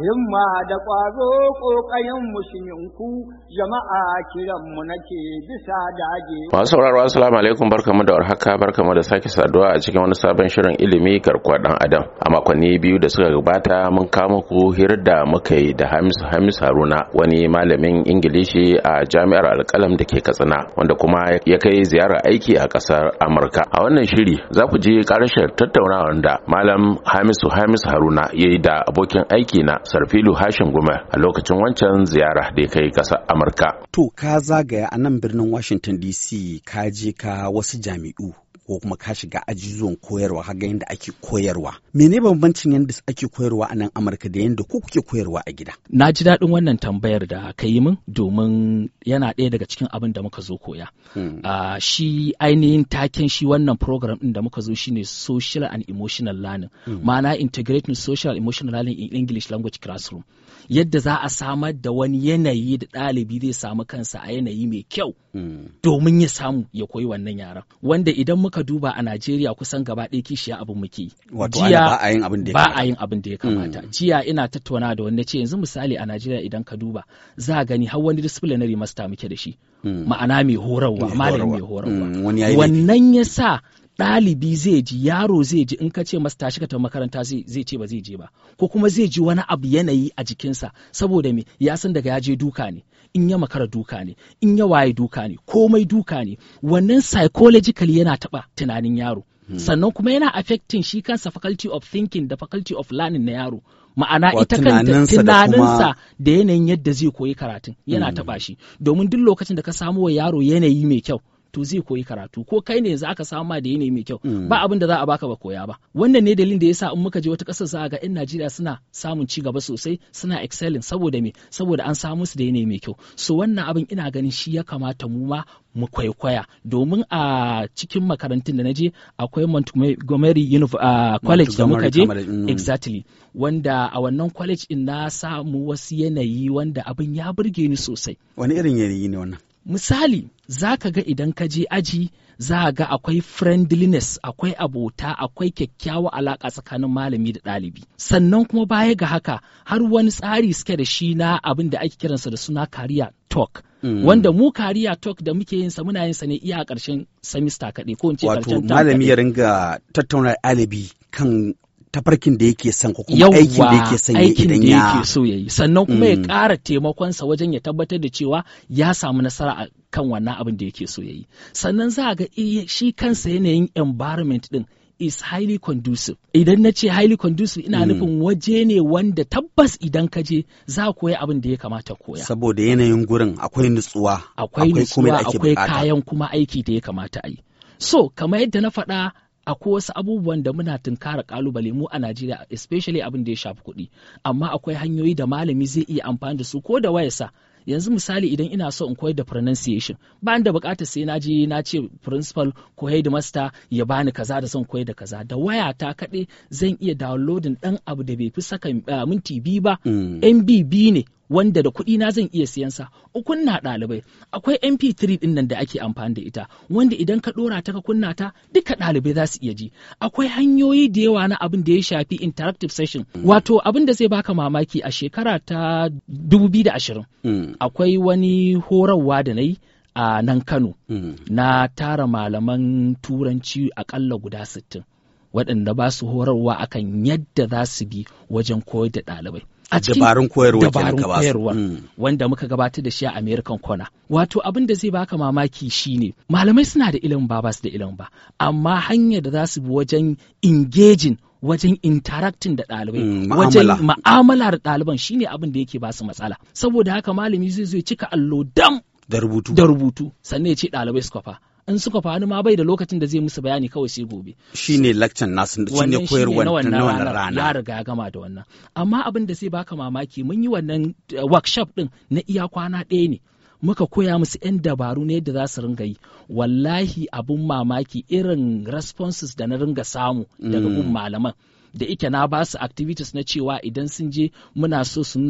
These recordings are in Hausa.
himma da ƙwazo ƙoƙayenmu shiminku jama'a kiranmu nake bisa dage. Masu sauraro assalamu alaikum barkamu da warhaka barkamu da sake saduwa a cikin wani sabon shirin ilimi garkuwa ɗan adam a makonni biyu da suka gabata mun kama ku hirar da muka yi da Hamis Hamis Haruna wani malamin Ingilishi a jami'ar alƙalam da ke Katsina wanda kuma ya kai ziyarar aiki a ƙasar Amurka. A wannan shiri za ku ji ƙarshen tattaunawar da Malam Hamisu Hamis Haruna ya yi da abokin aiki na sarfilu hashin guma a lokacin wancan ziyara da ya kai kasa amurka to ka zagaya a nan birnin washington dc ka je ka wasu jami'u ko kuma ka shiga ajizuwan koyarwa ka ga yadda ake koyarwa mene bambancin yadda ake koyarwa a nan amurka da yadda ku kuke koyarwa a gida na ji daɗin wannan tambayar da ka yi min domin yana ɗaya daga cikin abin da muka zo koya hmm. ah, shi ainihin taken shi wannan program ɗin da muka zo shine social and emotional learning hmm. ma'ana integrating social emotional learning in english language classroom yadda za a samar da wani yanayi da ɗalibi zai samu kansa a yanayi mai kyau hmm. domin ya samu ya koyi wannan yaran wanda idan muka aka duba a Najeriya kusan gaba ɗaya kishiya abin muke. jiya ba a yin abin da ya ba kamata. Mm. Jiya ina tattauna da wanda ce yanzu misali a Najeriya idan ka duba za a gani har wani disciplinary master muke da shi. Mm. Ma'ana mai horarwa, malami mai horarwa. Mm, Wannan ya sa ɗalibi zai ji yaro zai ji in ka ce masa tashi ka makaranta zai ce ba zai je ba ko kuma zai ji wani abu yanayi a jikinsa saboda me ya san daga ya je duka ne in ya makara duka ne in ya waye duka ne komai duka ne wannan psychologically yana taɓa tunanin yaro hmm. sannan kuma yana affecting shi kansa faculty of thinking da faculty of learning na yaro ma'ana ita kanta tunaninsa da yanayin yadda zai koyi karatun yana taba hmm. shi domin duk lokacin da ka samu wa yaro yanayi mai kyau to zai koyi karatu ko kai ne za ka samu da yanayi mai kyau mm. ba abin da za a baka ba koya ba wannan ne dalilin da yasa in muka je wata kasar za ga 'yan Najeriya suna samun ci gaba sosai suna excelling saboda me saboda an samu su da yanayi mai kyau so wannan abin ina ganin shi ya kamata mu ma mu kwaikwaya domin a cikin makarantun da naje je akwai Montgomery College da muka je mm. exactly wanda a wannan college in na samu wasu yanayi wanda abin ya burge ni sosai wani irin yanayi ne wannan misali za ka ga idan ka je aji za a ga akwai friendliness akwai abota akwai kyakkyawa alaƙa tsakanin malami da ɗalibi sannan kuma baya ga haka har wani tsari suke da shi na abin da ake kiransa da suna kariya talk Mm. wanda mu kariya talk da muke yin sa muna yin sa ne iya ƙarshen semester kaɗai ko in ce ƙarshen wato malami ya ringa tattauna ɗalibi kan tafarkin da yake son ko kuma aikin da yake son idan ya yake so yayi sannan kuma ya mm. ƙara taimakonsa wajen ya tabbatar da cewa ya samu nasara a kan wannan abin da yake so yayi sannan za ga shi kansa yanayin environment din is highly conducive idan na ce highly conducive ina mm. nufin waje ne wanda tabbas idan ka je za koya abin da ya kamata koya saboda yanayin gurin akwai nutsuwa akwai nutsuwa akwai kayan kuma aiki da ya kamata a yi so kamar yadda na faɗa akwai wasu abubuwan da muna tunkara kalubale mu a Najeriya especially abin da ya shafi kuɗi amma akwai hanyoyi da malami zai iya amfani da su ko da wayarsa yanzu misali idan ina so in koyar da pronunciation ba da bukatar sai na je na ce principal ko headmaster ya bani kaza da son koyar da kaza da waya ta kaɗai zan iya downloading ɗan abu da bai fi saka ah, minti biyu ba MB mm. biyu ne wanda da kuɗi na zan iya siyan sa ukun na ɗalibai akwai mp3 ɗin nan da ake amfani da ita wanda idan ka ɗora ta ka kunna ta duka ɗalibai za su iya ji akwai hanyoyi da yawa na abin da ya shafi interactive session mm. wato abin da zai baka mamaki a shekara ta 2020 mm. akwai wani horarwa da na yi a nan Kano mm. na tara malaman turanci akalla guda sittin. waɗanda ba su horarwa akan yadda za su bi wajen koyar da ɗalibai. a cikin dabarun koyarwa mm. wanda muka gabatar da shi a American kona wato abin da zai baka mamaki shine malamai suna da ilimin ba su da ilimin ba amma hanyar da za su bi wajen engaging wajen interacting da ɗalibai mm, wajen ma'amala da ɗaliban shine abin da yake ba su matsala saboda haka malami zai zo ya cika allo dam da rubutu da rubutu sannan ya ce ɗalibai su kwafa in suka faru ma bai da lokacin da zai musu bayani kawai sai gobe ne lakcan nasu shine koyarwa na wannan rana ya riga ya gama da wannan amma abin da sai baka mamaki mun yi wannan eh, workshop din na iya kwana ɗaya ne muka koya musu 'yan dabaru ne yadda za su ringa yi wallahi abun mamaki irin responses da na ringa samu daga mm. gun malaman da ike na ba su activities na cewa idan sun je muna so su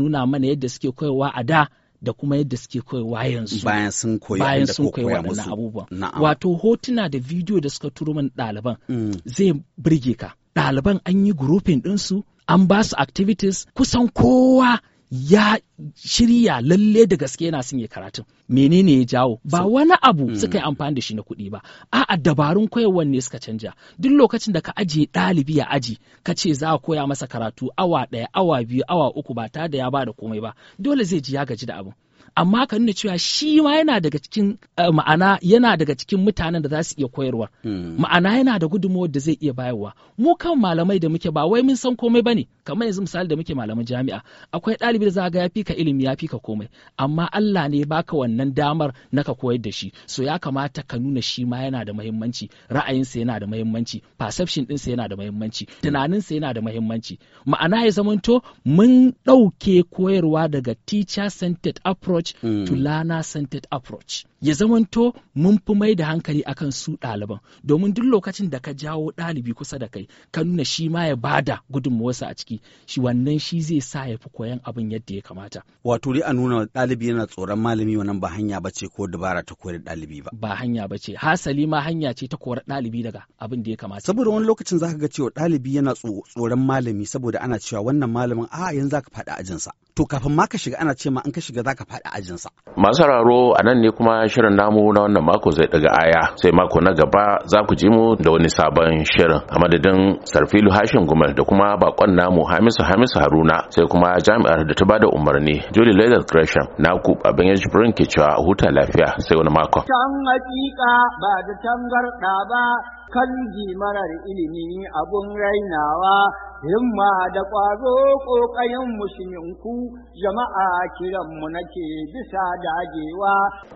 nuna mana yadda suke koyarwa a da da kuma yadda suke koyarwa yanzu bayan sun koyi bayan sun waɗannan abubuwan wato hotuna da bidiyo da suka turo min ɗaliban mm. zai burge ka ɗaliban an yi grouping ɗinsu an ba su activities kusan kowa ya shirya lalle da gaske yana son ya karatun menene ya jawo ba wani abu hmm. suka yi amfani da shi na kuɗi ba a'a dabarun koyarwar ne suka canja duk lokacin da ka ajiye ɗalibi ya aji ka ce za a koya masa karatu awa ɗaya awa biyu awa uku ba tare da ya ba da komai ba dole zai ji ya gaji da abin amma ka nuna cewa shi ma yana daga cikin eh, ma'ana yana daga cikin mutanen da za su iya koyarwa hmm. ma'ana yana da gudunmawar da zai iya bayarwa mu kan malamai da muke ba wai mun san komai bane kamar yanzu misali da muke malaman jami'a akwai ɗalibi da za ga ya fi ka ilimi ya fi ka komai amma Allah ne baka wannan damar na ka koyar da shi so ya kamata ka nuna shi ma yana da muhimmanci ra'ayinsa yana da muhimmanci perception ɗinsa yana da muhimmanci tunaninsa yana da muhimmanci ma'ana ya zamanto mun ɗauke koyarwa daga teacher centered approach approach mm. to hmm. learner centered approach ya zamanto mun fi mai da hankali akan su ɗaliban domin duk lokacin da ka jawo ɗalibi kusa da kai ka nuna shi ma ya bada gudunmawarsa a ciki shi wannan shi zai sa ya fi koyan abin yadda ya kamata wato dai a nuna ɗalibi yana tsoron malami wannan ba hanya ba ce ko dabara ta koyar ɗalibi ba ba hanya ba ce hasali ma hanya ce ta koyar ɗalibi daga abin da ya kamata saboda wani lokacin zaka ga cewa ɗalibi yana tsoron malami saboda ana cewa wannan malamin a yanzu zaka faɗi ajinsa to kafin ma ka shiga ana ce ma an ka shiga zaka faɗi ajinsa masu a nan ne kuma shirin namu na wannan mako zai daga aya sai mako na gaba za ku ji mu da wani sabon shirin a madadin sarfilu hashin gumal da kuma bakon namu hamisu hamisu haruna sai kuma jami'ar da ta bada umarni julie leather gresham na ku abin ya jibirin ke cewa huta lafiya sai wani mako. can hakika ba da tangarda ba kan marar ilimi abun rainawa himma da ƙwazo ƙoƙayen ku jama'a kiran mu nake bisa dagewa